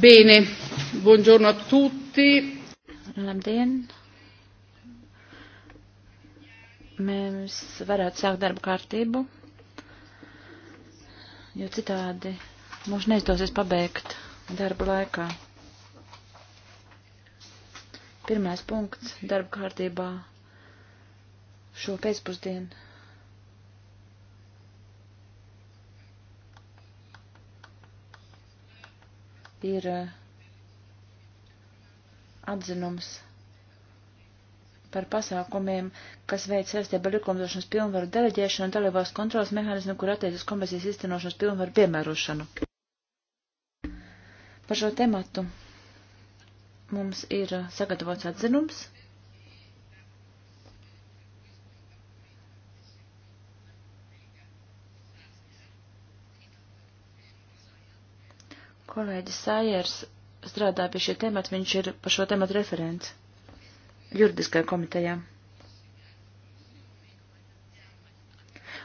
Bene, buongiorno a tutti. Labdien. Mēs varētu sākt darbu kārtību, jo citādi mums neizdosies pabeigt darbu laikā. Pirmais punkts darba kārtībā šo pēcpusdienu ir eh, atzinums par pasākumiem, kas veic saistība likumdošanas pilnvaru deleģēšanu un dalībās kontrolas mehānismu, kur attiecas komisijas izcenošanas pilnvaru piemērošanu. Par šo tematu mums ir eh, sagatavots atzinums. Kolēģis Sājers strādā pie šī temata, viņš ir par šo tematu referents juridiskajā komitejā.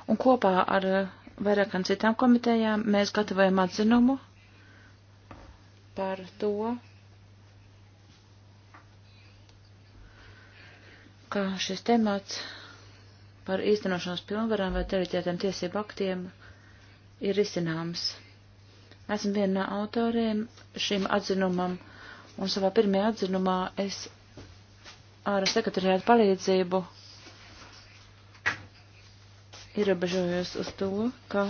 Un kopā ar uh, vairākām citām komitejām mēs gatavojam atzinumu par to, ka šis temats par īstenošanas pilnvarām vai deleģētiem tiesību aktiem ir izcināms. Esmu viena no autoriem šim atzinumam, un savā pirmajā atzinumā es ar sekretariātu palīdzību ierobežojos uz to, ka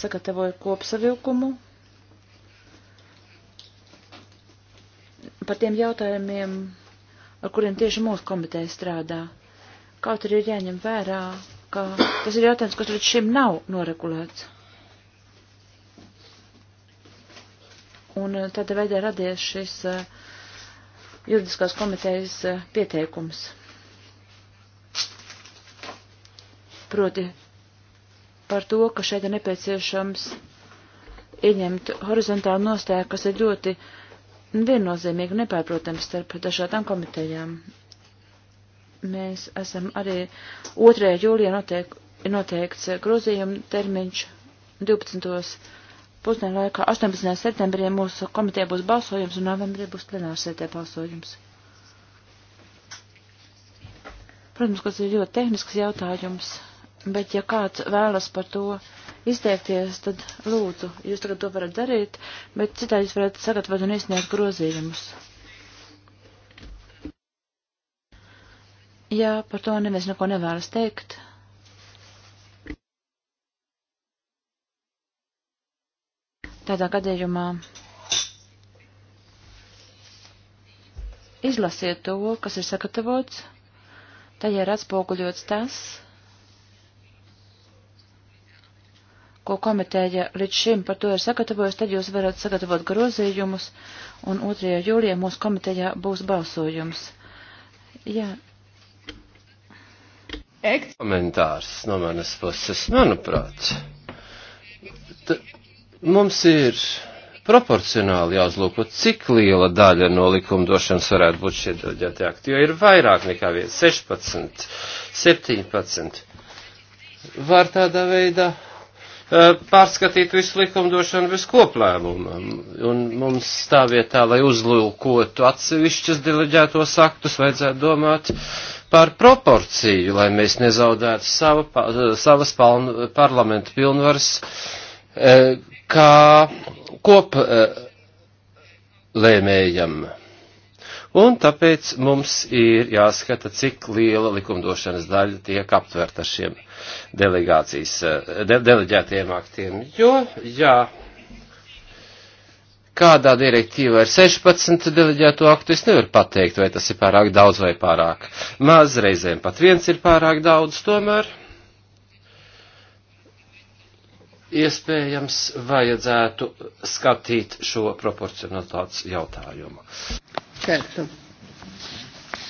sagatavoju kopsavilkumu par tiem jautājumiem, ar kuriem tieši mūsu komiteja strādā. Kaut arī ir jāņem vērā, ka tas ir jautājums, kas līdz šim nav noregulēts. un eh, tādā veidā radies šis eh, juridiskās komitejas eh, pieteikums. Proti par to, ka šeit ir nepieciešams ieņemt horizontālu nostāju, kas ir ļoti viennozīmīgi un nepārprotami starp dažādām komitejām. Mēs esam arī 2. jūlijā noteik, noteikts grozījuma termiņš 12 pusdienu laikā 18. septembrī mūsu komitē būs balsojums un novembrī būs plenārsētē balsojums. Protams, ka tas ir ļoti tehnisks jautājums, bet ja kāds vēlas par to izteikties, tad lūdzu, jūs tagad to varat darīt, bet citādi jūs varat sagatavot un iesniegt grozījumus. Ja par to neviens neko nevēlas teikt, Tādā gadījumā izlasiet to, kas ir sagatavots, tajā ir atspoguļots tas, ko komiteja līdz šim par to ir sagatavojusi, tad jūs varat sagatavot grozījumus, un 2. jūlijā mūsu komitejā būs balsojums. Jā. Komentārs no manas puses, manuprāt. T Mums ir proporcionāli jāuzlūko, cik liela daļa no likumdošanas varētu būt šie deleģēti akti, jo ir vairāk nekā viens, 16, 17. Var tādā veidā pārskatīt visu likumdošanu bez koplēmuma. Un mums tā vietā, lai uzlūkotu atsevišķas deleģētos aktus, vajadzētu domāt par proporciju, lai mēs nezaudētu sava, savas parlamentu pilnvaras kā kop lēmējam. Un tāpēc mums ir jāskata, cik liela likumdošanas daļa tiek aptverta šiem delegācijas, de, deleģētiem aktiem. Jo, jā, kādā direktīvā ir 16 deleģēto aktu, es nevaru pateikt, vai tas ir pārāk daudz vai pārāk maz, reizēm pat viens ir pārāk daudz, tomēr iespējams vajadzētu skatīt šo proporcionalitātes jautājumu. Certo.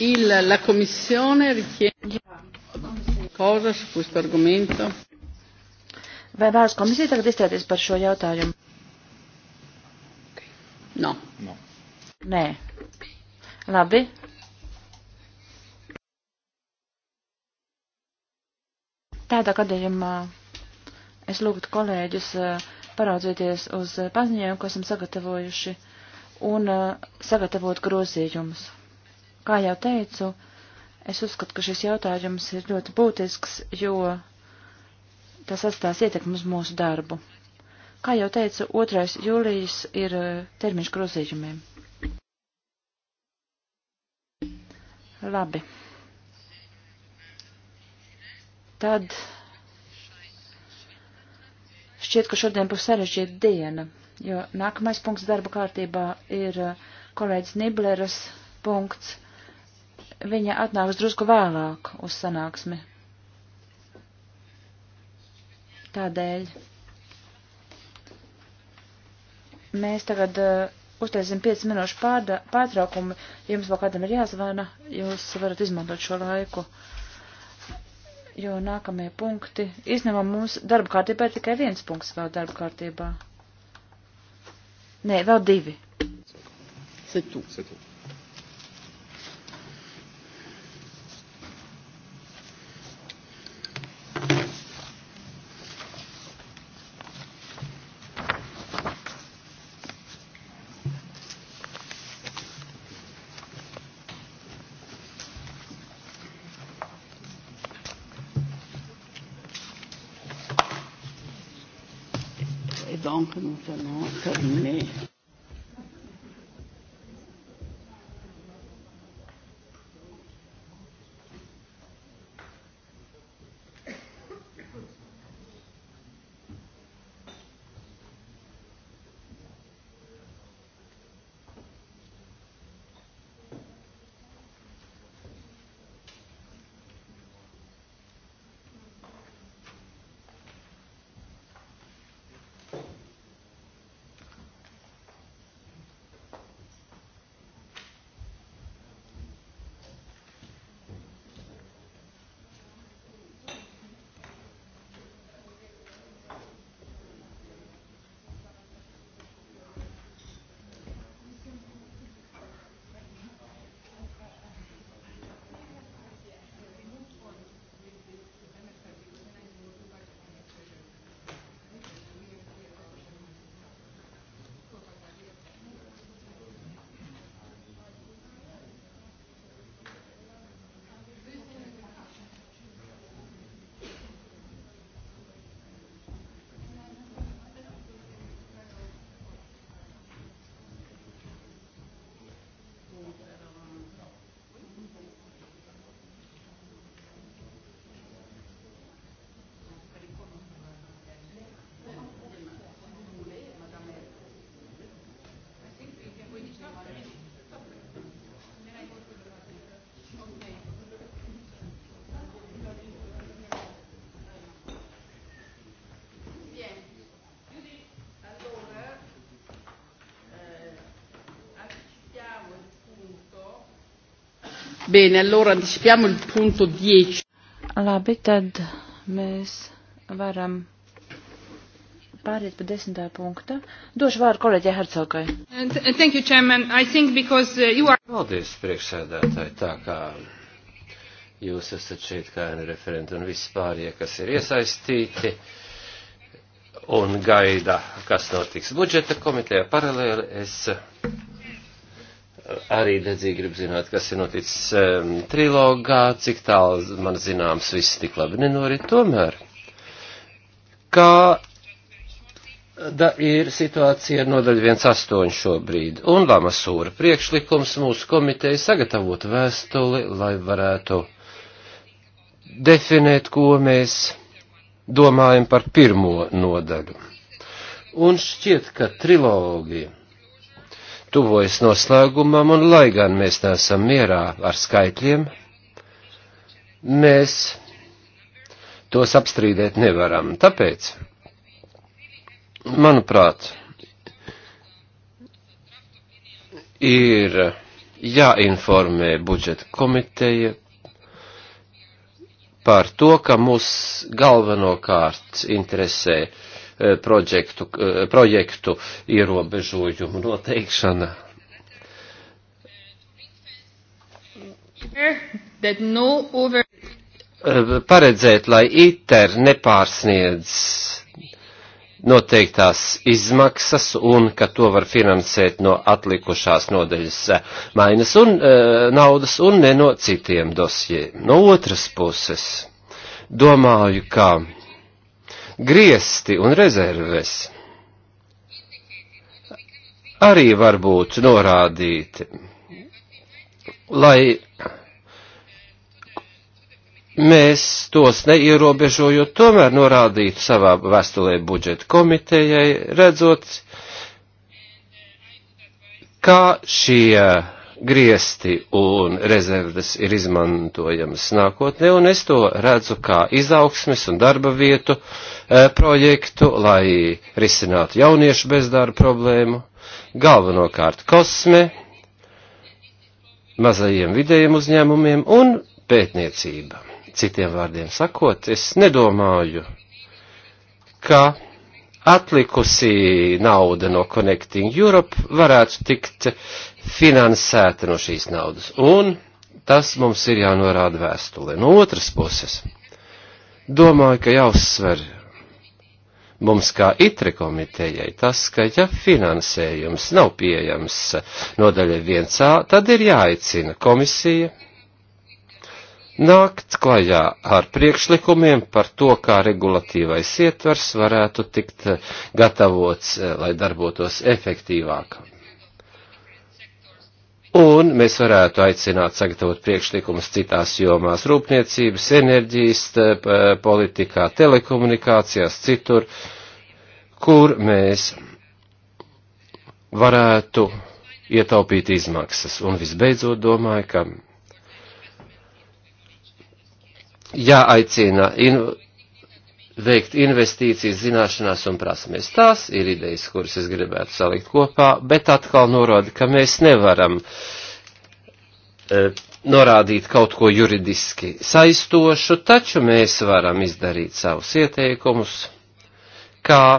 Il, la komisione richiede cosa su questo argomento? Vai vēlas komisija tagad izstāties par šo jautājumu? No. no. Nē. Labi. Tādā gadījumā. Uh, Es lūgtu kolēģus paraudzieties uz paziņojumu, ko esam sagatavojuši, un sagatavot grozījumus. Kā jau teicu, es uzskatu, ka šis jautājums ir ļoti būtisks, jo tas atstās ietekmi uz mūsu darbu. Kā jau teicu, 2. jūlijas ir termiņš grozījumiem. Labi. Tad Šķiet, ka šodien būs sarežģīta diena, jo nākamais punkts darba kārtībā ir uh, kolēģis Nibleras punkts. Viņa atnāks drusku vēlāk uz sanāksmi. Tādēļ mēs tagad uh, uztaisim 5 minūšu pārtraukumu. Jums vēl kādam ir jāzvana, jūs varat izmantot šo laiku jo nākamie punkti, izņemam mums darba kārtībā ir tikai viens punkts vēl darba kārtībā. Nē, vēl divi. C'est tout. C'est tout. Gedanken, dann können wir. Bene, allora anticipiamo il punto 10. Labi, tad mēs varam pāriet pa desmitā punkta. Došu vārdu kolēģē Hercogai. Thank you, Chairman. I think because uh, you are... Paldies, priekšsēdētāji, tā kā jūs esat šeit kā referenti un visi pārējie, kas ir iesaistīti un gaida, kas notiks budžeta komitejā paralēli. Es arī dedzīgi grib zināt, kas ir noticis um, trilogā, cik tālu man zināms, viss tik labi nenorit tomēr. Kā da, ir situācija ar nodaļu 1.8 šobrīd, un Lamasūra priekšlikums mūsu komiteja sagatavot vēstuli, lai varētu definēt, ko mēs domājam par pirmo nodaļu. Un šķiet, ka trilogija tuvojas noslēgumam, un lai gan mēs neesam mierā ar skaitļiem, mēs tos apstrīdēt nevaram. Tāpēc, manuprāt, ir jāinformē budžeta komiteja par to, ka mūs galvenokārt interesē uh, Eh, projektu, eh, projektu ierobežojumu noteikšana. Eh, paredzēt, lai ITER nepārsniedz noteiktās izmaksas un ka to var finansēt no atlikušās nodeļas mainas un e, naudas un ne no citiem dosjiem. No otras puses, domāju, ka griesti un rezerves arī var būt norādīti, lai mēs tos neierobežojot, tomēr norādītu savā vēstulē budžeta komitejai, redzot, kā šie griesti un rezerves ir izmantojamas nākotnē, un es to redzu kā izaugsmes un darba vietu e, projektu, lai risinātu jauniešu bezdarba problēmu, galvenokārt kosme, mazajiem vidējiem uzņēmumiem un pētniecība. Citiem vārdiem sakot, es nedomāju, ka atlikusī nauda no Connecting Europe varētu tikt finansēta no šīs naudas. Un tas mums ir jānorāda vēstulē. No otras puses, domāju, ka jāuzsver mums kā itri komitejai tas, ka ja finansējums nav pieejams nodaļai 1A, tad ir jāicina komisija nākt klajā ar priekšlikumiem par to, kā regulatīvais ietvers varētu tikt gatavots, lai darbotos efektīvāk. Un mēs varētu aicināt sagatavot priekšlikumus citās jomās - rūpniecības, enerģijas, politikā, telekomunikācijās, citur, kur mēs varētu ietaupīt izmaksas. Un visbeidzot domāju, ka jāaicina in veikt investīcijas zināšanās un prasmēs. Tās ir idejas, kuras es gribētu salikt kopā, bet atkal norāda, ka mēs nevaram e, norādīt kaut ko juridiski saistošu, taču mēs varam izdarīt savus ieteikumus, kā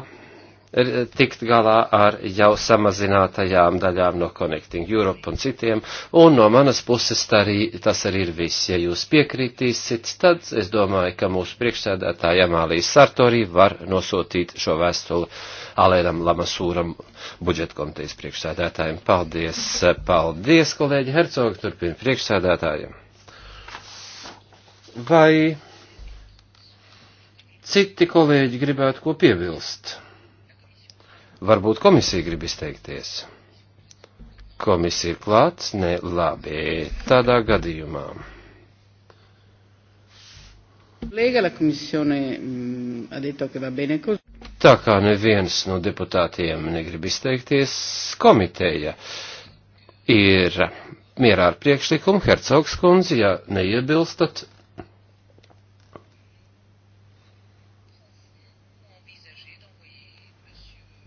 Eh, tikt galā ar jau samazinātajām daļām no Connecting Europe un citiem, un no manas puses arī, tas arī ir viss. Ja jūs piekrītīsit, tad es domāju, ka mūsu priekšsēdētāja Mālijas Sartorī var nosūtīt šo vēstuli Alēram Lamasūram budžetkomitejas priekšsēdētājiem. Paldies, paldies, kolēģi Hercogi, turpina priekšsēdētājiem. Vai citi kolēģi gribētu ko piebilst? Varbūt komisija grib izteikties. Komisija ir klāts? Nē, labi. Tādā gadījumā. Mm, Tā kā neviens no deputātiem negrib izteikties, komiteja ir mierā ar priekšlikumu, Hercogs kundze, ja neiebilstat,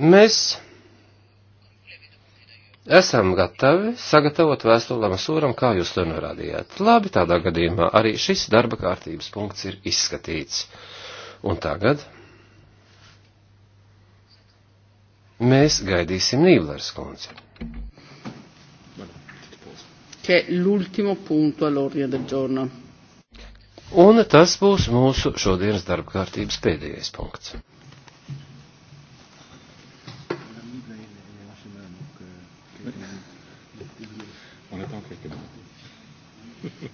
Mēs esam gatavi sagatavot vēstuli Lamasūram, kā jūs to norādījāt. Labi, tādā gadījumā arī šis darba kārtības punkts ir izskatīts. Un tagad mēs gaidīsim Nīblers kundzi. Un tas būs mūsu šodienas darba kārtības pēdējais punkts. On attend quelques minutes.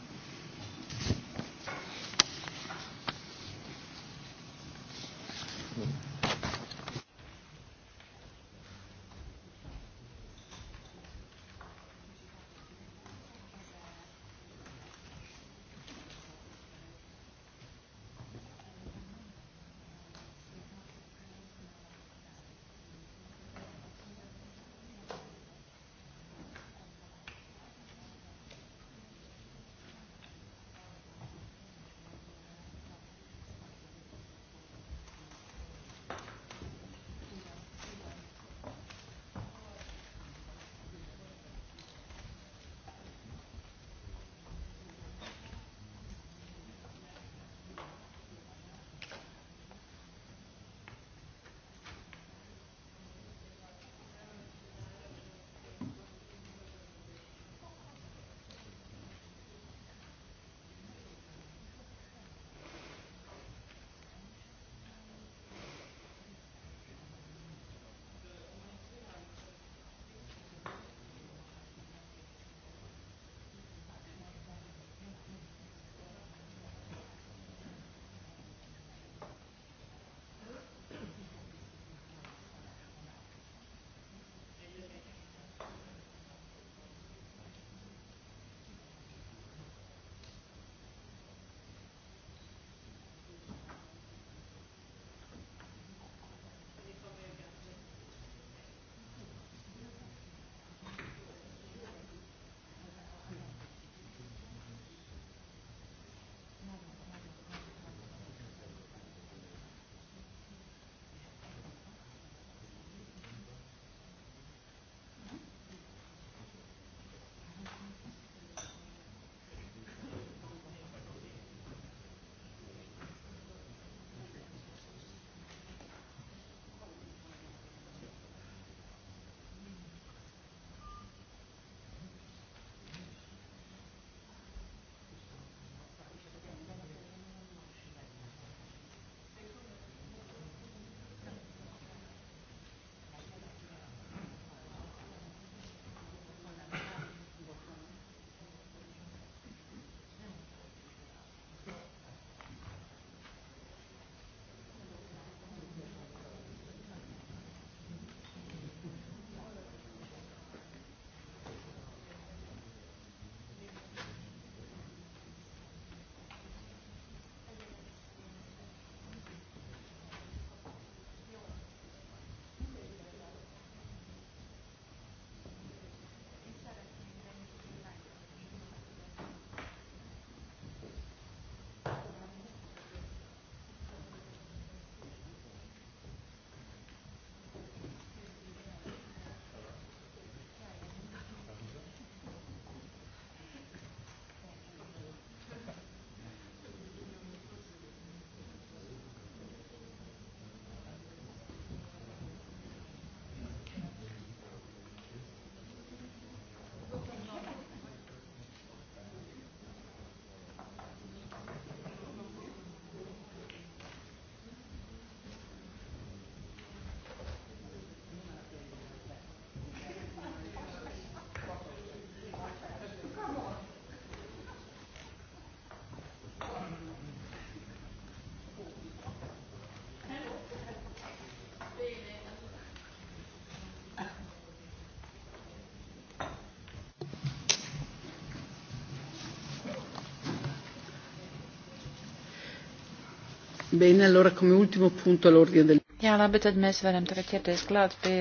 Bene, allora come ultimo punto all'ordine del. Jā, labi, tad mēs varam tagad ķerties klāt pie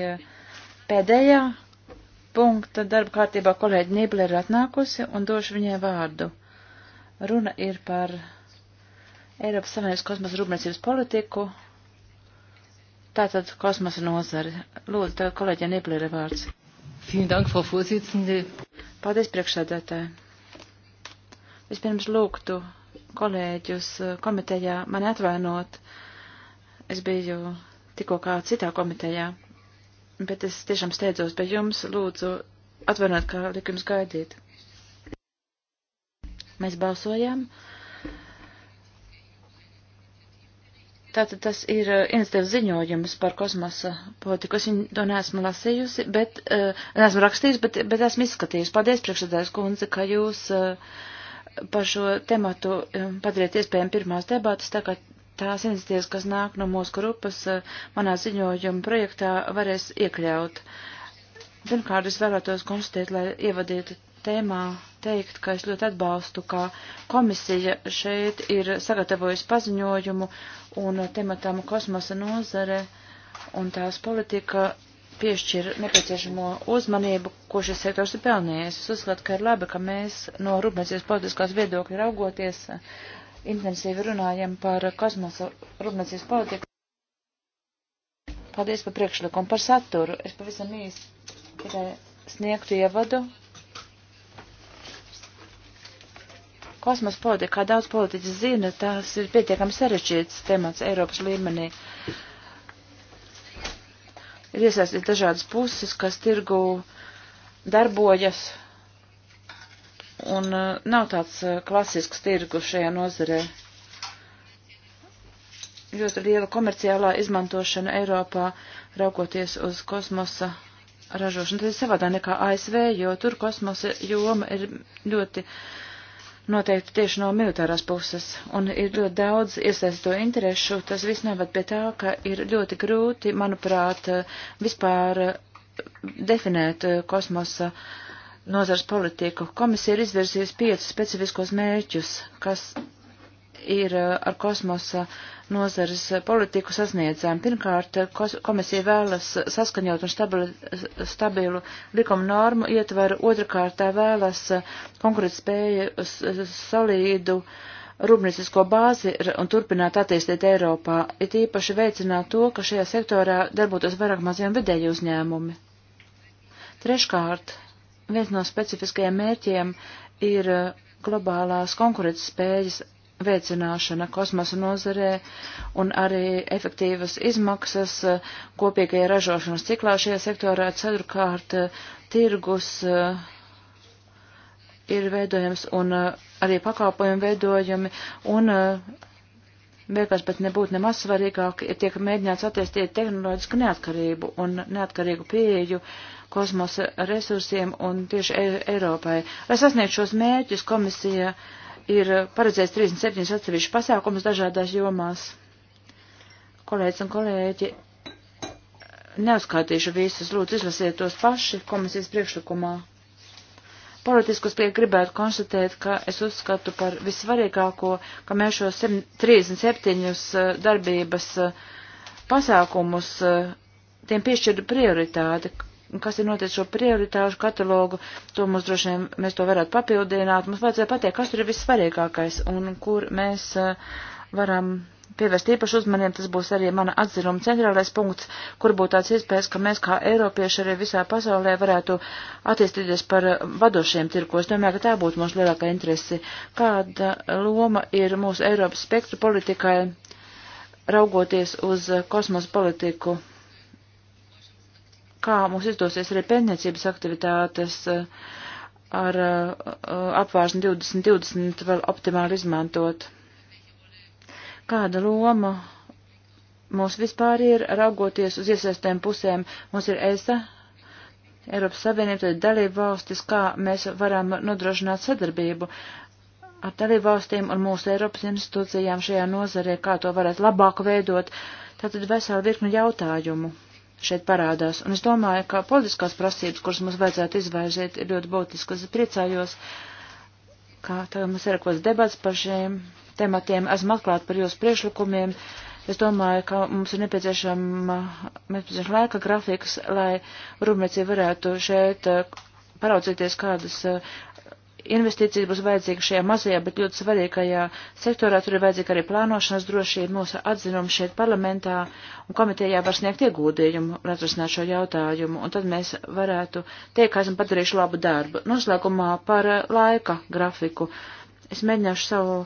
pēdējā punkta darba kārtībā. Kolēģi Nībler ir atnākusi un došu viņai vārdu. Runa ir par Eiropas Savienības kosmosa rūpniecības politiku. Tātad kosmosa nozari. Lūdzu, tagad kolēģi Nībler ir vārds. Dank, Paldies priekšsēdētāji. Vispirms lūgtu kolēģus eh, komitejā mani atvainot. Es biju tikko kā citā komitejā, bet es tiešām steidzos pie jums, lūdzu, atvainot, kā liku jums gaidīt. Mēs balsojām. Tātad tas ir eh, iniciatīvas ziņojums par kosmosa politiku. Es viņu to neesmu lasījusi, bet, uh, neesmu rakstījusi, bet, bet esmu izskatījusi. Paldies, priekšsēdājas kundze, ka jūs uh, par šo tematu um, padarīt iespējami pirmās debatas, tā kā tās iniciatīvas, kas nāk no mūsu grupas, uh, manā ziņojuma projektā varēs iekļaut. Pirmkārt, es vēlētos konstatēt, lai ievadītu tēmā teikt, ka es ļoti atbalstu, ka komisija šeit ir sagatavojusi paziņojumu un uh, tematam kosmosa nozare un tās politika piešķir nepieciešamo uzmanību, ko šis sektors ir pelnījis. Es uzskatu, ka ir labi, ka mēs no rūpniecības politiskās viedokļa raugoties eh, intensīvi runājam par kosmosa rūpniecības politiku. Paldies par priekšlikumu, par saturu. Es pavisam īsti tikai sniegtu ievadu. Kosmosa politika, kā daudz politiķi zina, tas ir pietiekami sarežģīts temats Eiropas līmenī. Uh, ir iesaistīt dažādas puses, kas tirgu darbojas, un eh, nav tāds eh, klasisks tirgu šajā nozarē. Ļoti liela komerciālā izmantošana Eiropā, raugoties uz kosmosa ražošanu, tas ir savādā nekā ASV, jo tur kosmosa joma ir ļoti uh, noteikti tieši no militārās puses, un ir ļoti daudz iesaistīto interešu. Tas viss novad pie tā, ka ir ļoti grūti, manuprāt, vispār eh, definēt eh, kosmosa eh, nozars politiku. Komisija ir izvirzījusi piecus specifiskos mērķus, kas ir eh, ar kosmosa nozares politiku sasniedzām. Pirmkārt, komisija vēlas saskaņot un stabilu, stabilu likumu normu ietvaru, otrkārt tā vēlas konkurētspēju solīdu rūpniecisko bāzi un turpināt attīstīt Eiropā, it īpaši veicināt to, ka šajā sektorā darbotos vairāk maziem vidēji uzņēmumi. Treškārt, viens no specifiskajiem mērķiem ir eh, globālās konkurētspējas veicināšana kosmosa nozarē un arī efektīvas izmaksas eh, kopīgajā ražošanas ciklā šajā sektorā ceturkārt eh, tirgus eh, ir veidojams un arī pakāpojumi veidojami un vienkārši, bet nebūtu nemaz svarīgāk, ir tiek mēģināts attīstīt tehnoloģisku neatkarību un neatkarīgu pieeju kosmosa resursiem un tieši Ei Eiropai. Lai sasniegtu šos mērķus, komisija uh, ir paredzēts 37 atsevišķi pasākumus dažādās jomās. Kolēģis un kolēģi, neuzskaitīšu visus, lūdzu izlasiet tos paši komisijas priekšlikumā. Politiskus pie gribētu konstatēt, ka es uzskatu par visvarīgāko, ka mēs šos 37 eh, darbības eh, pasākumus eh, tiem piešķirtu prioritāti, kas ir noticis šo prioritāšu katalogu, to mums droši vien mēs to varētu papildināt. Mums vajadzēja pateikt, kas tur ir vissvarīgākais un kur mēs eh, varam pievērst īpašu uzmanību. Tas būs arī mana atzinuma centrālais punkts, kur būtu tāds iespējas, ka mēs kā eiropieši arī visā pasaulē varētu attīstīties par eh, vadošiem tirkos. Domāju, ka tā būtu mūsu lielākā interese. Kāda loma ir mūsu Eiropas spektru politikai raugoties uz eh, kosmosa politiku? kā mums izdosies arī pētniecības aktivitātes eh, ar eh, apvārsni 2020 vēl optimāli izmantot. Kāda loma mums vispār ir, raugoties uz iesaistēm pusēm, mums ir ESA, Eiropas Savienība, tad dalību valstis, kā mēs varam nodrošināt sadarbību ar dalību valstīm un mūsu Eiropas institūcijām šajā nozarē, kā to varētu labāk veidot, tātad vesela virkni jautājumu šeit parādās. Un es domāju, ka politiskās prasības, kuras mums vajadzētu izvērzēt, ir ļoti būtiskas. Es priecājos, ka tagad mums ir kaut kāds debats par šiem tematiem. Esmu atklāt par jūsu priešlikumiem. Es domāju, ka mums ir nepieciešama nepieciešam laika grafiks, lai rūpniecība varētu šeit eh, paraudzīties, kādas eh, investīcijas būs vajadzīga šajā mazajā, bet ļoti svarīgajā sektorā. Tur ir vajadzīga arī plānošanas drošība. Mūsu atzinums šeit parlamentā un komitejā var sniegt ieguldījumu un atrasināt šo jautājumu. Un tad mēs varētu teikt, ka esam padarījuši labu darbu. Noslēgumā par eh, laika grafiku. Es mēģināšu savu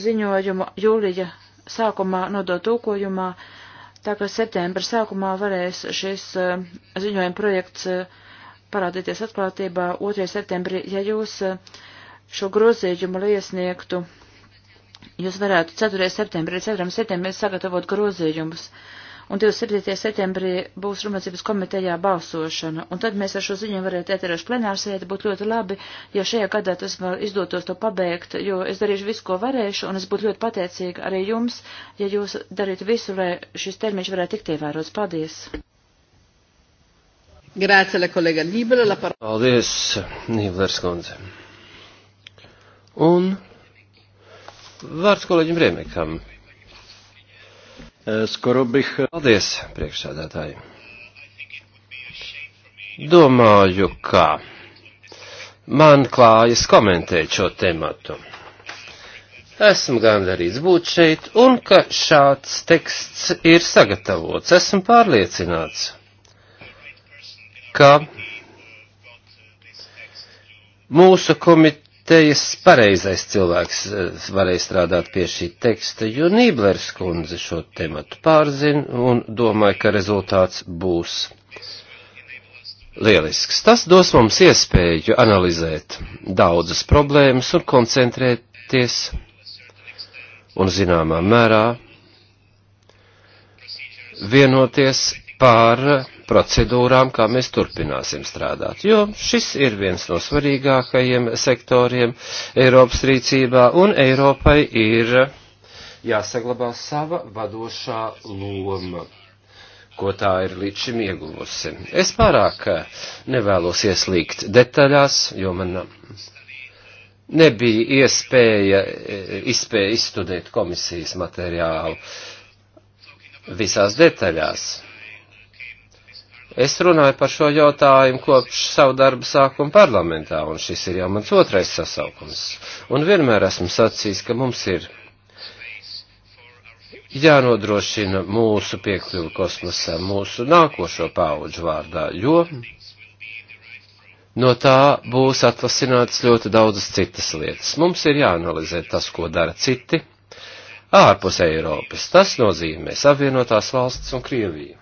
ziņojumu jūlija sākumā nodot tūkojumā, tā ka septembra sākumā varēs šis eh, ziņojuma projekts eh, parādīties atklātībā 2. septembrī, ja jūs eh, šo grozījumu, lai iesniegtu, jūs varētu 4. septembrī, 4. septembrī sagatavot grozījumus, un 27. septembrī būs Rumācības komitejā balsošana, un tad mēs ar šo ziņu varētu ieterēt plenārsēdi, būtu ļoti labi, ja šajā gadā tas vēl izdotos to pabeigt, jo es darīšu visu, ko varēšu, un es būtu ļoti pateicīga arī jums, ja jūs darītu visu, lai šis termiņš varētu tikt ievērots. Paldies! Grāce, la kolēga Nībele, la par... Paldies, Nīblers kundze. Un vārds kolēģim Riemekam. Eh, skoro bih... Eh, Paldies, priekšsādātāji. Domāju, ka man klājas komentēt šo tematu. Esmu gandarīts būt šeit un ka šāds teksts ir sagatavots. Esmu pārliecināts ka mūsu komitejas pareizais cilvēks eh, varēja strādāt pie šī teksta, jo Nīblers kundze šo tematu pārzina un domāju, ka rezultāts būs lielisks. Tas dos mums iespēju analizēt daudzas problēmas un koncentrēties un zināmā mērā vienoties pār procedūrām, kā mēs turpināsim strādāt, jo šis ir viens no svarīgākajiem sektoriem Eiropas rīcībā, un Eiropai ir jāsaglabā sava vadošā loma, ko tā ir līdz šim ieguvusi. Es pārāk nevēlos ieslīgt detaļās, jo man nebija iespēja eh, izspēja izstudēt komisijas materiālu visās detaļās. Es runāju par šo jautājumu kopš savu darbu sākuma parlamentā, un šis ir jau mans otrais sasaukums. Un vienmēr esmu sacījis, ka mums ir jānodrošina mūsu piekļuvi kosmosā, mūsu nākošo pauģu vārdā, jo no tā būs atvasināts ļoti daudzas citas lietas. Mums ir jāanalizē tas, ko dara citi ārpus Eiropas. Tas nozīmē Savienotās valsts un Krieviju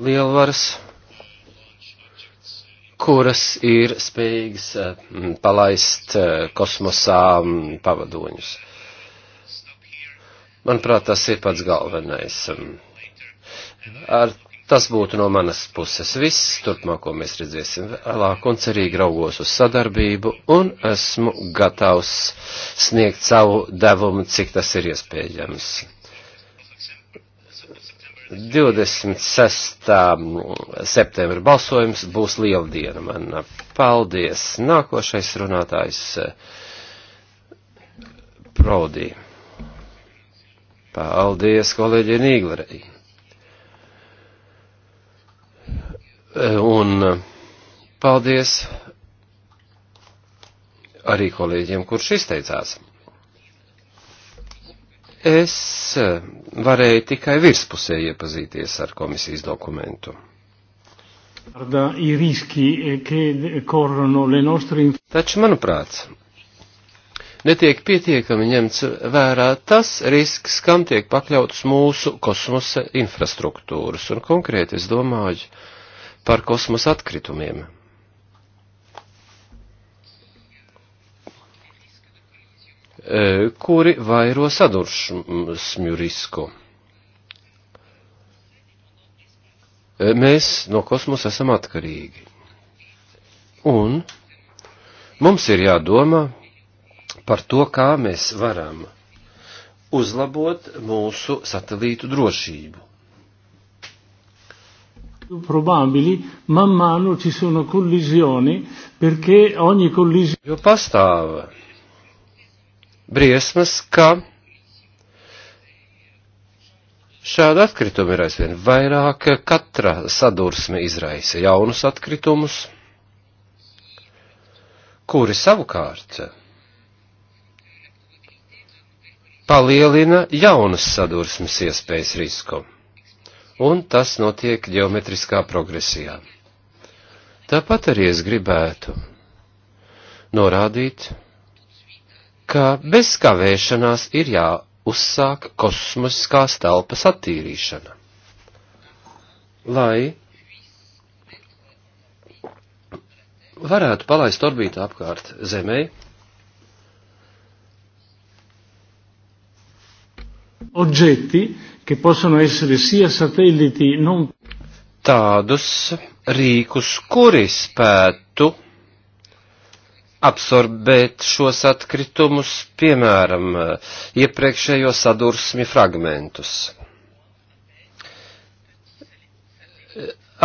lielvaras, kuras ir spējīgas eh, palaist eh, kosmosā pavadoņus. Manuprāt, tas ir pats galvenais. Ar Tas būtu no manas puses viss, turpmāko mēs redzēsim vēlāk un cerīgi raugos uz sadarbību un esmu gatavs sniegt savu devumu, cik tas ir iespējams. 26. Mm, septembra balsojums būs liela diena man. Paldies. Nākošais runātājs eh, Prodī. Paldies kolēģi Nīglerei. Eh, un eh, paldies arī kolēģiem, kurš izteicās. Es eh, varēju tikai virspusē iepazīties ar komisijas dokumentu. Eh, Taču, manuprāt, netiek pietiekami ņemts vērā tas risks, kam tiek pakļauts mūsu kosmosa infrastruktūras, un konkrēti es domāju par kosmosa atkritumiem. E, kuri vairo sadursmju risku. E, mēs no kosmosa esam atkarīgi. Un mums ir jādomā par to, kā mēs varam uzlabot mūsu satelītu drošību. Probabili, man mano ci sono collisioni, perché ogni collisione... Jo pastāv briesmas, ka šādi atkritumi ir aizvien vairāk, katra sadursme izraisa jaunus atkritumus, kuri savukārt palielina jaunas sadursmes iespējas risku, un tas notiek ģeometriskā progresijā. Tāpat arī es gribētu norādīt, ka bez kavēšanās ir jāuzsāk kosmiskās telpas attīrīšana, lai varētu palaist orbītu apkārt Zemei. Oggetti che possono essere sia satelliti non tādus rīkus, kuri spētu absorbēt šos atkritumus, piemēram, iepriekšējo sadursmi fragmentus.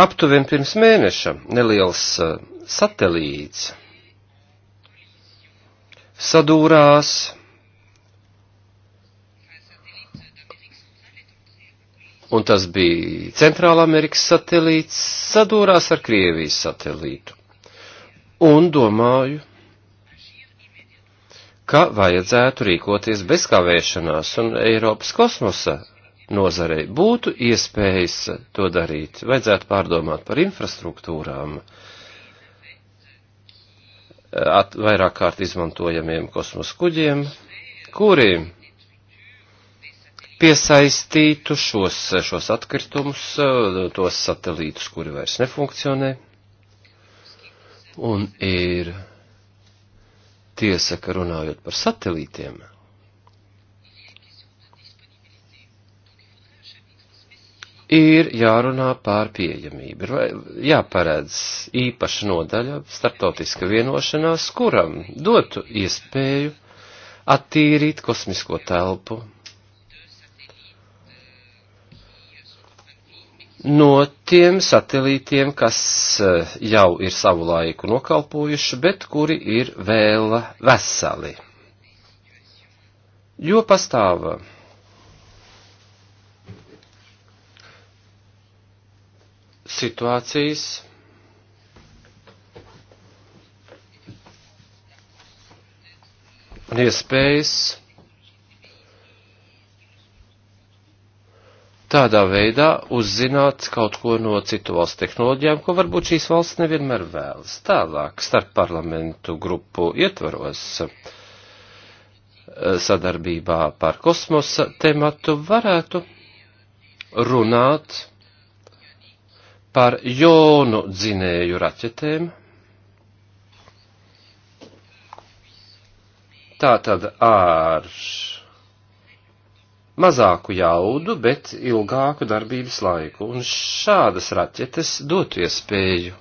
Aptuveni pirms mēneša neliels uh, satelīts sadūrās un tas bija Centrāla Amerikas satelīts, sadūrās ar Krievijas satelītu. Un domāju, ka vajadzētu rīkoties bez kavēšanās un Eiropas kosmosa nozarei būtu iespējas to darīt. Vajadzētu pārdomāt par infrastruktūrām, at, vairāk kārt izmantojamiem kosmosa kuģiem, kuri piesaistītu šos, šos atkritumus, tos satelītus, kuri vairs nefunkcionē. Un ir tiesa, ka runājot par satelītiem, ir jārunā par pieejamību. Ir jāparedz īpaša nodaļa, starptautiska vienošanās, kuram dotu iespēju attīrīt kosmisko telpu no tiem satelītiem, kas eh, jau ir savu laiku nokalpojuši, bet kuri ir vēl veseli. Jo pastāv eh, situācijas, un iespējas, tādā veidā uzzināt kaut ko no citu valstu tehnoloģijām, ko varbūt šīs valsts nevienmēr vēlas. Tālāk starp parlamentu grupu ietvaros sadarbībā par kosmosa tematu varētu runāt par jonu dzinēju raķetēm. Tātad ārš mazāku jaudu, bet ilgāku darbības laiku, un šādas raķetes dotu iespēju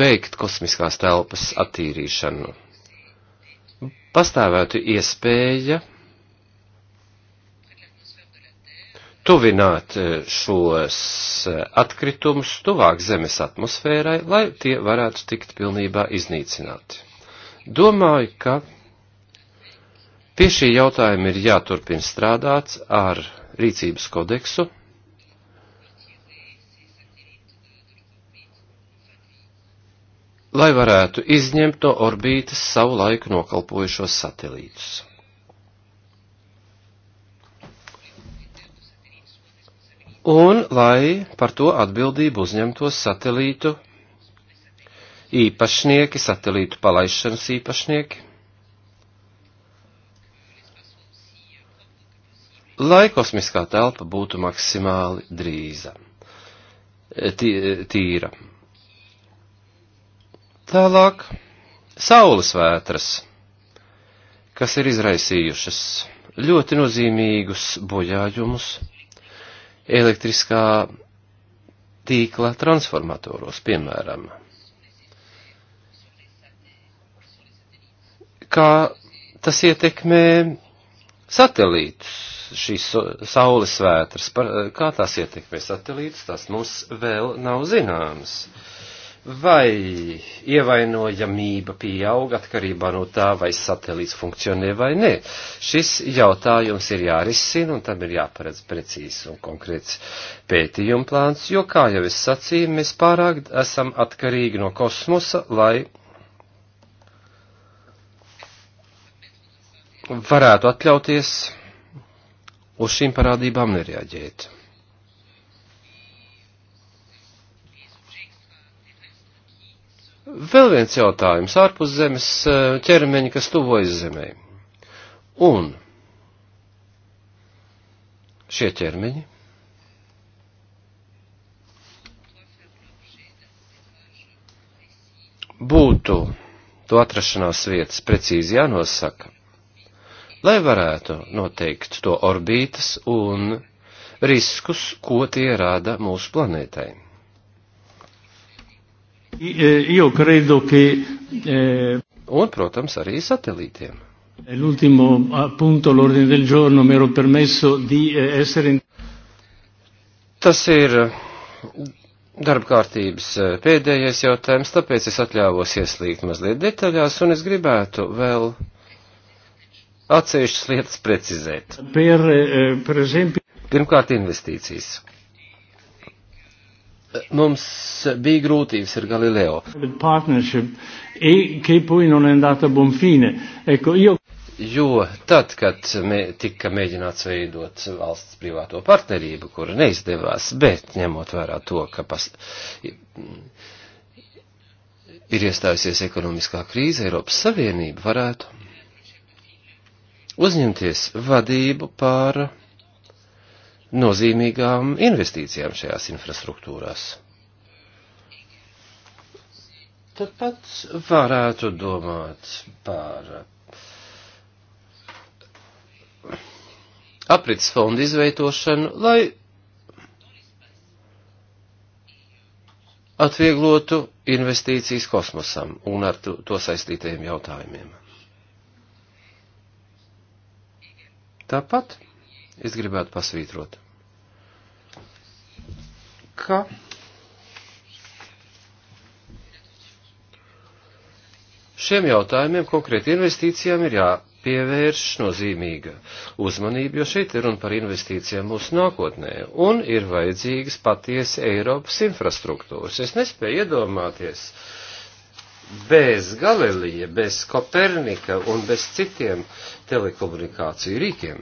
veikt kosmiskās telpas attīrīšanu. Pastāvētu iespēja tuvināt eh, šos eh, atkritumus tuvāk Zemes atmosfērai, lai tie varētu tikt pilnībā iznīcināti. Domāju, ka Pie šī jautājuma ir jāturpina strādāt ar rīcības kodeksu. lai varētu izņemt no orbītas savu laiku nokalpojušos satelītus. Un lai par to atbildību uzņemtos satelītu īpašnieki, satelītu palaišanas īpašnieki, lai kosmiskā telpa būtu maksimāli drīza, tīra. Tālāk, saules vētras, kas ir izraisījušas ļoti nozīmīgus bojājumus elektriskā tīkla transformatoros, piemēram. Kā tas ietekmē satelītus, šīs saules vētras, par, kā tās ietekmē satelītus, tas mums vēl nav zināms. Vai ievainojamība pieaug atkarībā no tā, vai satelīts funkcionē vai nē? Šis jautājums ir jārisina un tam ir jāparedz precīzs un konkrēts pētījuma plāns, jo, kā jau es sacīju, mēs pārāk esam atkarīgi no kosmosa, lai varētu atļauties uz šīm parādībām nereaģēt. Vēl viens jautājums ārpus zemes eh, ķermeņa, kas tuvojas zemē. Un šie ķermeņi būtu to atrašanās vietas precīzi jānosaka, lai varētu noteikt to orbītas un riskus, ko tie rada mūsu planētai. Io credo che. Eh, un, protams, arī satelītiem. L'ultimo appunto, l'ordine del giorno, mi ero permesso di eh, essere. In... Tas ir darba kārtības eh, pēdējais jautājums, tāpēc es atļāvos ieslīgt mazliet detaļās, un es gribētu vēl atsevišķas lietas precizēt. Per, eh, per esempio... Pirmkārt, investīcijas. Mums bija grūtības ar Galileo. E jo tad, kad mē, tika mēģināts veidot valsts privāto partnerību, kura neizdevās, bet ņemot vērā to, ka pas, ir iestājusies ekonomiskā krīze, Eiropas Savienība varētu uzņemties vadību pār nozīmīgām investīcijām šajās infrastruktūrās. Tāpat varētu domāt par aprits fondu izveidošanu, lai atvieglotu investīcijas kosmosam un ar to saistītajiem jautājumiem. Tāpat es gribētu pasvītrot, ka šiem jautājumiem konkrēti investīcijām ir jāpievērš nozīmīga uzmanība, jo šeit ir runa par investīcijām mūsu nākotnē, un ir vajadzīgas patiesi Eiropas infrastruktūras. Es nespēju iedomāties, uh, bez Galilija, bez Kopernika un bez citiem telekomunikāciju rīkiem.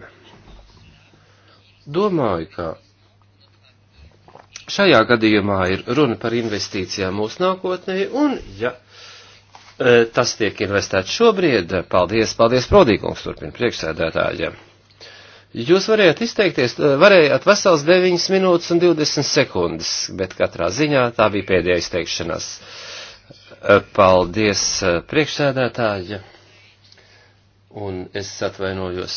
Domāju, ka šajā gadījumā ir runa par investīcijām mūsu nākotnē, un ja e, tas tiek investēts šobrīd, paldies, paldies, Prodīkungs, turpina priekšsēdētājiem. Jūs varējāt izteikties, e, varējāt vesels 9 minūtes un 20 sekundes, bet katrā ziņā tā bija pēdējā izteikšanās. Uh, Paldies, eh, priekšsēdētāja, un es atvainojos,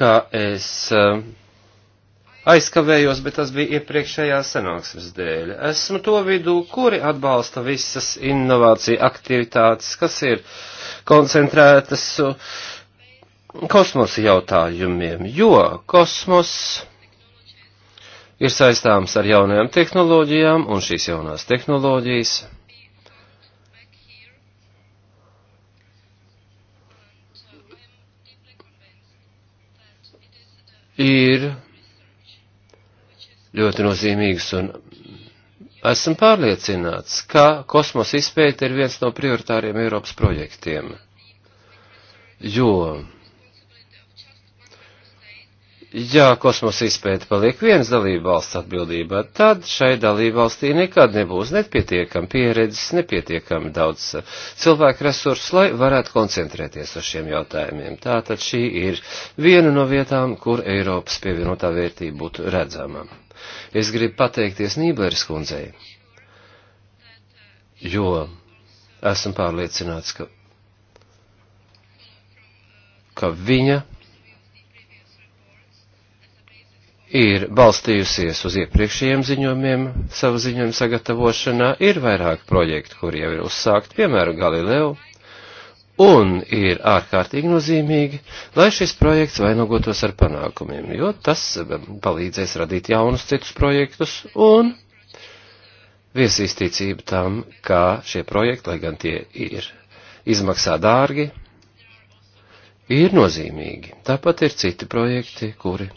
ka es eh, aizkavējos, bet tas bija iepriekšējā sanāksmes dēļ. Esmu to vidū, kuri atbalsta visas inovāciju aktivitātes, kas ir koncentrētas eh, kosmosa jautājumiem, jo kosmos ir saistāms ar jaunajām tehnoloģijām, un šīs jaunās tehnoloģijas ir ļoti nozīmīgas, un esam pārliecināts, ka kosmosa izpēta ir viens no prioritāriem Eiropas projektiem, jo ja kosmosa izpēta paliek viens dalībvalsts atbildībā, tad šai dalībvalstī nekad nebūs nepietiekami pieredzes, nepietiekami daudz cilvēku resursu, lai varētu koncentrēties uz šiem jautājumiem. Tātad šī ir viena no vietām, kur Eiropas pievienotā vērtība būtu redzama. Es gribu pateikties Nībleris kundzei, jo esmu pārliecināts, ka, ka viņa ir balstījusies uz iepriekšējiem ziņojumiem, savu ziņojumu sagatavošanā, ir vairāk projektu, kur jau ir uzsākt, piemēram, Galileo, un ir ārkārtīgi nozīmīgi, lai šis projekts vainagotos ar panākumiem, jo tas um, palīdzēs radīt jaunus citus projektus un viesīs ticību tam, kā šie projekti, lai gan tie ir izmaksā dārgi, ir nozīmīgi. Tāpat ir citi projekti, kuri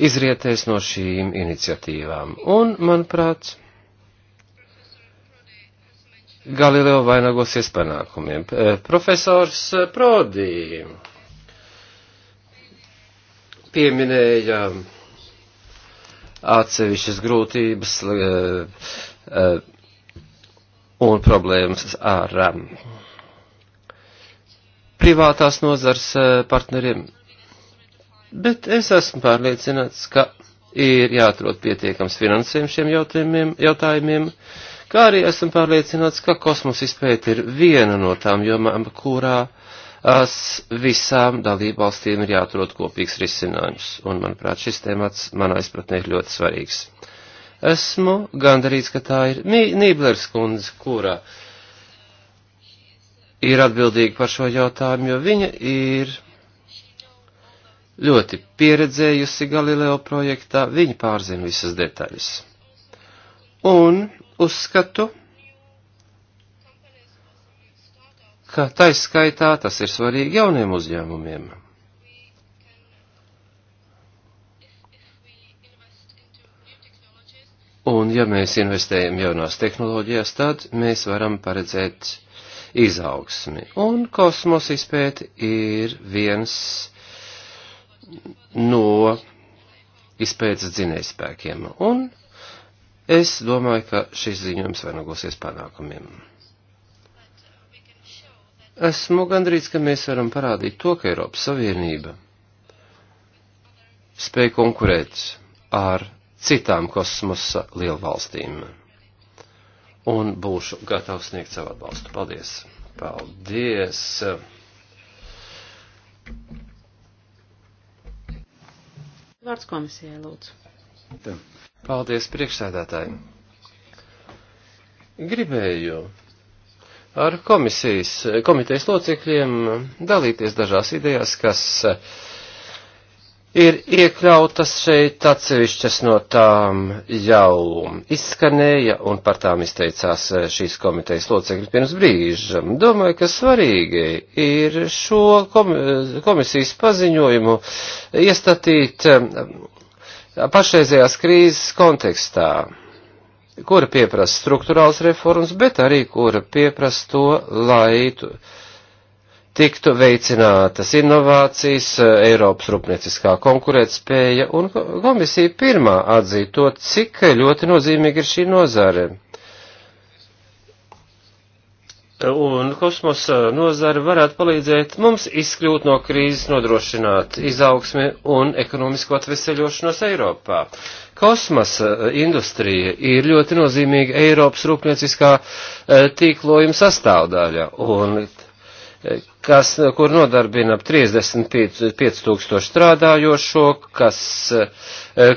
izrietēs no šīm iniciatīvām. Un, manuprāt, Galileo vainagosies panākumiem. Eh, profesors eh, Prodī pieminēja atsevišķas grūtības eh, un problēmas ar privātās nozars partneriem Bet es esmu pārliecināts, ka ir jāatrod pietiekams finansējums šiem jautājumiem, jautājumiem, kā arī esmu pārliecināts, ka kosmosa izpēta ir viena no tām jomām, kurā as, visām dalībvalstīm ir jāatrod kopīgs risinājums. Un, manuprāt, šis temats manā izpratnē ir ļoti svarīgs. Esmu gandarīts, ka tā ir Nīblers kundze, kura ir atbildīga par šo jautājumu, jo viņa ir ļoti pieredzējusi Galileo projektā, viņa pārzina visas detaļas. Un uzskatu, ka taiskaitā tas ir svarīgi jauniem uzņēmumiem. Un ja mēs investējam jaunās tehnoloģijās, tad mēs varam paredzēt izaugsmi. Un kosmos izpēti ir viens no izpētes dzinējspēkiem. Un es domāju, ka šis ziņojums vainagosies panākumiem. Esmu gandrīz, ka mēs varam parādīt to, ka Eiropas Savienība spēj konkurēt ar citām kosmosa lielvalstīm. Un būšu gatavs sniegt savu atbalstu. Paldies! Paldies! Vārds komisijai, lūdzu. Paldies priekšsēdētājiem. Gribēju ar komisijas, komitejas locekļiem dalīties dažās idejās, kas Ir iekļautas šeit atsevišķas no tām jau izskanēja un par tām izteicās eh, šīs komitejas locekļi pirms brīža. Domāju, ka svarīgi ir šo komisijas paziņojumu iestatīt eh, pašreizējās krīzes kontekstā, kura pieprasa struktūrāls reformas, bet arī kura pieprasa to, lai tiktu veicinātas inovācijas, Eiropas rūpnieciskā konkurētspēja, un komisija pirmā atzīja to, cik ļoti nozīmīga ir šī nozare. Un kosmosa eh, nozara varētu palīdzēt mums izkļūt no krīzes, nodrošināt izaugsmi un ekonomisko atveseļošanos Eiropā. Kosmosa eh, industrija ir ļoti nozīmīga Eiropas rūpnieciskā eh, tīklojuma sastāvdaļa, un kas, kur nodarbina ap 35 tūkstoši strādājošo, kas, e,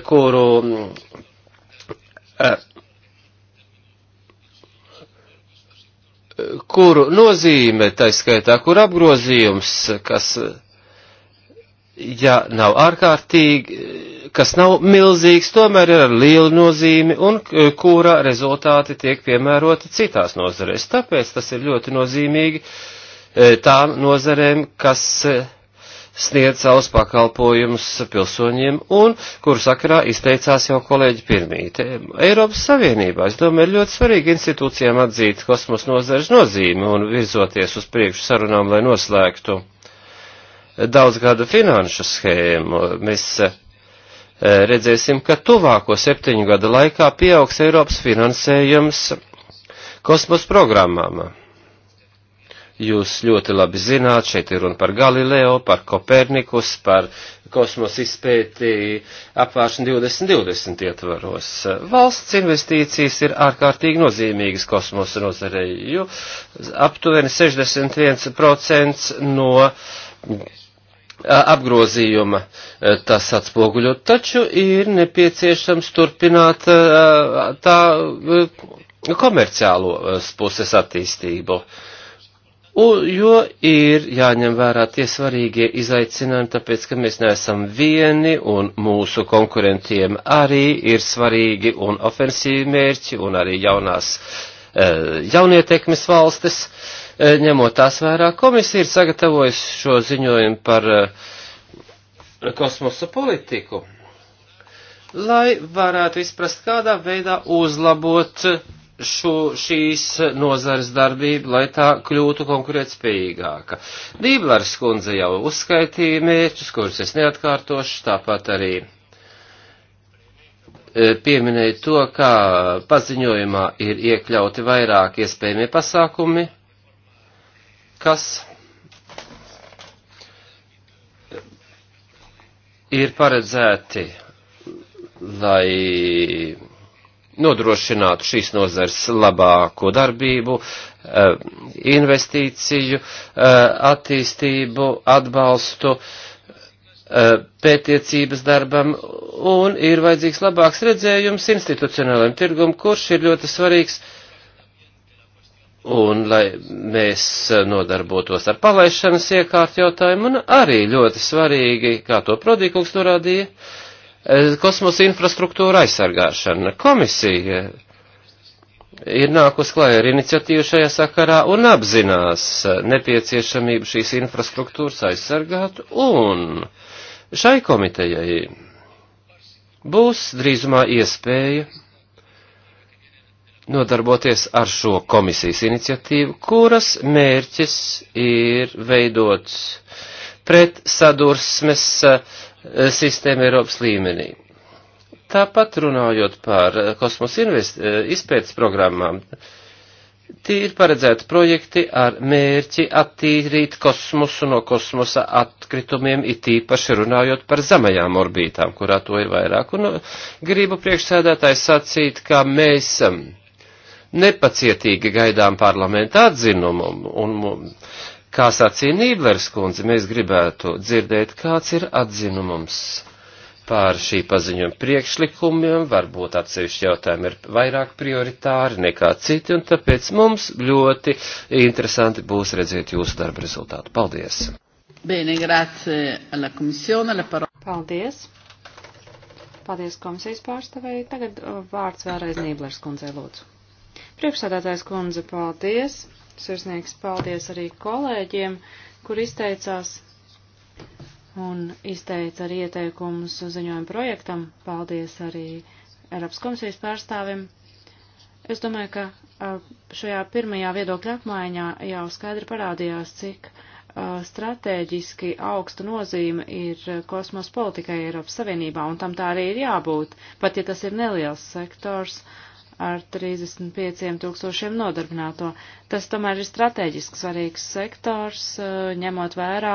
kuru, e, kuru nozīme, taiskaitā, kur apgrozījums, kas, ja nav ārkārtīgi, kas nav milzīgs, tomēr ir ar lielu nozīmi un e, kura rezultāti tiek piemēroti citās nozarēs. Tāpēc tas ir ļoti nozīmīgi. Uh, E, tām nozarēm, kas e, sniedz savus pakalpojumus pilsoņiem un kuru sakarā izteicās jau kolēģi pirmīte. Eiropas Savienībā, es domāju, ir ļoti svarīgi institūcijām atzīt kosmos nozares nozīmi un virzoties uz priekšu sarunām, lai noslēgtu daudzgada finanšu schēmu. Mēs e, redzēsim, ka tuvāko septiņu gada laikā pieaugs Eiropas finansējums kosmos programmām jūs ļoti labi zināt, šeit ir runa par Galileo, par Kopernikus, par kosmos izpēti apvāršana 2020 ietvaros. Valsts investīcijas ir ārkārtīgi nozīmīgas kosmosa nozarei, jo aptuveni 61% no apgrozījuma tas atspoguļot, taču ir nepieciešams turpināt tā komerciālo puses attīstību. Uh, Un, jo ir jāņem vērā tie svarīgie izaicinājumi, tāpēc, ka mēs neesam vieni un mūsu konkurentiem arī ir svarīgi un ofensīvi mērķi un arī jaunās eh, jaunietekmes valstis. Eh, ņemot tās vērā, komisija ir sagatavojusi šo ziņojumu par eh, kosmosa politiku, lai varētu izprast, kādā veidā uzlabot šo, šīs nozares darbību, lai tā kļūtu konkurētspējīgāka. Dīblers kundze jau uzskaitīja mērķus, kurus es neatkārtošu, tāpat arī e, pieminēja to, kā paziņojumā ir iekļauti vairāk iespējamie pasākumi, kas ir paredzēti, lai nodrošinātu šīs nozars labāko darbību, eh, investīciju, eh, attīstību, atbalstu eh, pētniecības darbam un ir vajadzīgs labāks redzējums institucionālajam tirgum, kurš ir ļoti svarīgs. Un lai mēs nodarbotos ar palaišanas iekārtu jautājumu, un arī ļoti svarīgi, kā to prodīkungs norādīja, uh, Eh, kosmosa infrastruktūra aizsargāšana. Komisija eh, ir nākus klāja ar iniciatīvu šajā sakarā un apzinās eh, nepieciešamību šīs infrastruktūras aizsargāt, un šai komitejai būs drīzumā iespēja nodarboties ar šo komisijas iniciatīvu, kuras mērķis ir veidots pret sadursmes uh, Eh, sistēmu Eiropas līmenī. Tāpat runājot par eh, kosmosa eh, izpētes programmām, tie ir paredzēti projekti ar mērķi attīrīt kosmosu no kosmosa atkritumiem, it īpaši runājot par zemajām orbītām, kurā to ir vairāk. Un gribu priekšsēdētāji sacīt, ka mēs nepacietīgi gaidām parlamenta atzinumu, un Kā sacīja Nīblers kundze, mēs gribētu dzirdēt, kāds ir atzinumums pār šī paziņojuma priekšlikumiem, varbūt atsevišķi jautājumi ir vairāk prioritāri nekā citi, un tāpēc mums ļoti interesanti būs redzēt jūsu darba rezultātu. Paldies! Bene, grazie alla komisione, la parola. Paldies! Paldies komisijas pārstāvēji. Tagad uh, vārds vēlreiz Nīblers kundzei lūdzu. Priekšsādātājs kundze, paldies! Sirsnieks paldies arī kolēģiem, kur izteicās un izteica arī ieteikumus ziņojumu projektam. Paldies arī Eiropas komisijas pārstāvim. Es domāju, ka šajā pirmajā viedokļa apmaiņā jau skaidri parādījās, cik stratēģiski augsta nozīme ir kosmos politikai Eiropas Savienībā, un tam tā arī ir jābūt, pat ja tas ir neliels sektors. Uh, ar 35 tūkstošiem nodarbināto. Tas tomēr ir strateģiski svarīgs sektors, eh, ņemot vērā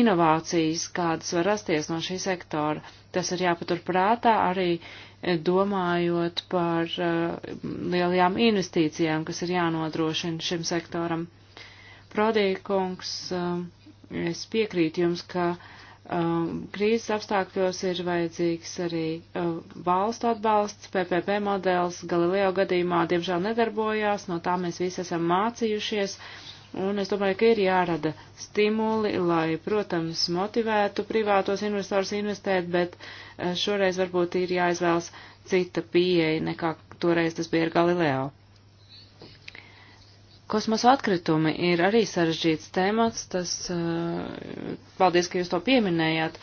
inovācijas, kādas var rasties no šī sektora. Tas ir jāpatur prātā arī eh, domājot par eh, lielajām investīcijām, kas ir jānodrošina šim sektoram. Prodīkungs, es piekrītu jums, ka uh, um, krīzes apstākļos ir vajadzīgs arī uh, valstu atbalsts. PPP modelis Galileo gadījumā diemžēl nedarbojās, no tā mēs visi esam mācījušies. Un es domāju, ka ir jārada stimuli, lai, protams, motivētu privātos investors investēt, bet uh, šoreiz varbūt ir jāizvēlas cita pieeja nekā toreiz tas bija ar Galileo. Kosmosa atkritumi ir arī sarežģīts temats, tas, eh, paldies, ka jūs to pieminējāt.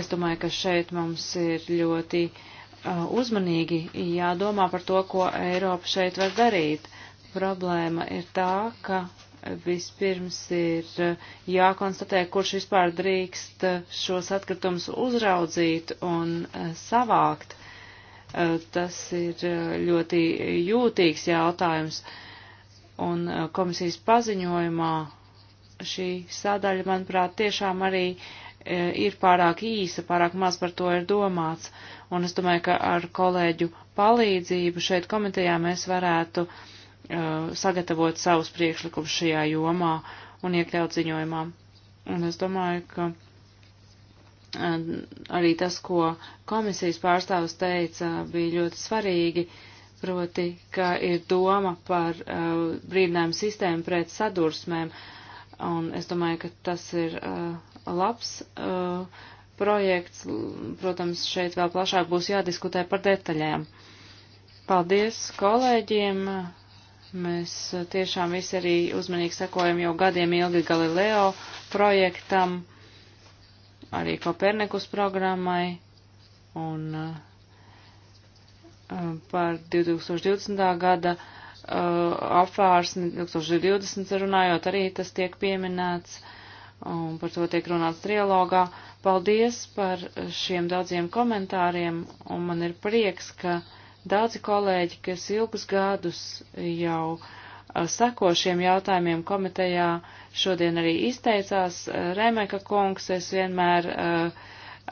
Es domāju, ka šeit mums ir ļoti eh, uzmanīgi jādomā par to, ko Eiropa šeit var darīt. Problēma ir tā, ka vispirms ir eh, jākonstatē, kurš vispār drīkst šos atkritumus uzraudzīt un savākt. Tas ir ļoti jūtīgs jautājums. Uh, Un uh, komisijas paziņojumā šī sadaļa, manuprāt, tiešām arī uh, ir pārāk īsa, pārāk maz par to ir domāts. Un es domāju, ka ar kolēģu palīdzību šeit komitejā mēs varētu uh, sagatavot savus priekšlikumus šajā jomā un iekļaut ziņojumā. Un es domāju, ka uh, arī tas, ko komisijas pārstāvis teica, bija ļoti svarīgi. Uh, proti, ka ir doma par uh, brīdinājumu sistēmu pret sadursmēm, un es domāju, ka tas ir uh, labs uh, projekts. Protams, šeit vēl plašāk būs jādiskutē par detaļām. Paldies kolēģiem! Mēs uh, tiešām visi arī uzmanīgi sekojam jau gadiem ilgi Galileo projektam, arī Kopernikus programmai, un uh, Eh, par 2020. gada eh, apvārsni 2020 runājot, arī tas tiek pieminēts un par to tiek runāts trilogā. Paldies par šiem daudziem komentāriem un man ir prieks, ka daudzi kolēģi, kas ilgus gadus jau eh, seko šiem jautājumiem komitejā, šodien arī izteicās. Remeka kungs, es vienmēr uh,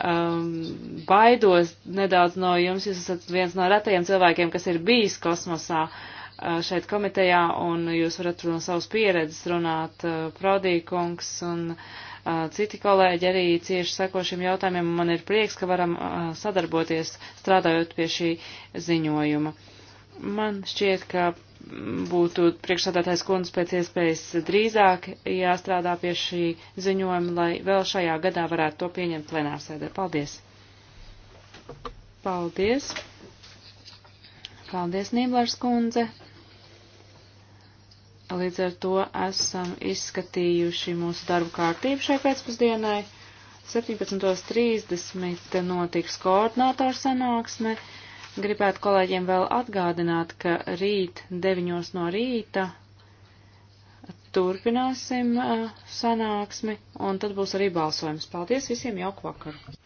um, baidos nedaudz no jums. Jūs esat viens no retajiem cilvēkiem, kas ir bijis kosmosā uh, šeit komitejā, un jūs varat no savas pieredzes runāt uh, Prodīkungs un uh, citi kolēģi arī cieši seko šiem jautājumiem. Man ir prieks, ka varam uh, sadarboties strādājot pie šī ziņojuma. Man šķiet, ka būtu priekšsādātais kundze pēc iespējas drīzāk jāstrādā pie šī ziņojuma, lai vēl šajā gadā varētu to pieņemt plenārsēdē. Paldies! Paldies! Paldies, Nīblers kundze! Līdz ar to esam izskatījuši mūsu darbu kārtību šai pēcpusdienai. 17.30 notiks koordinātors sanāksme. Gribētu kolēģiem vēl atgādināt, ka rīt 9 no rīta turpināsim sanāksmi, un tad būs arī balsojums. Paldies visiem, jauku vakaru!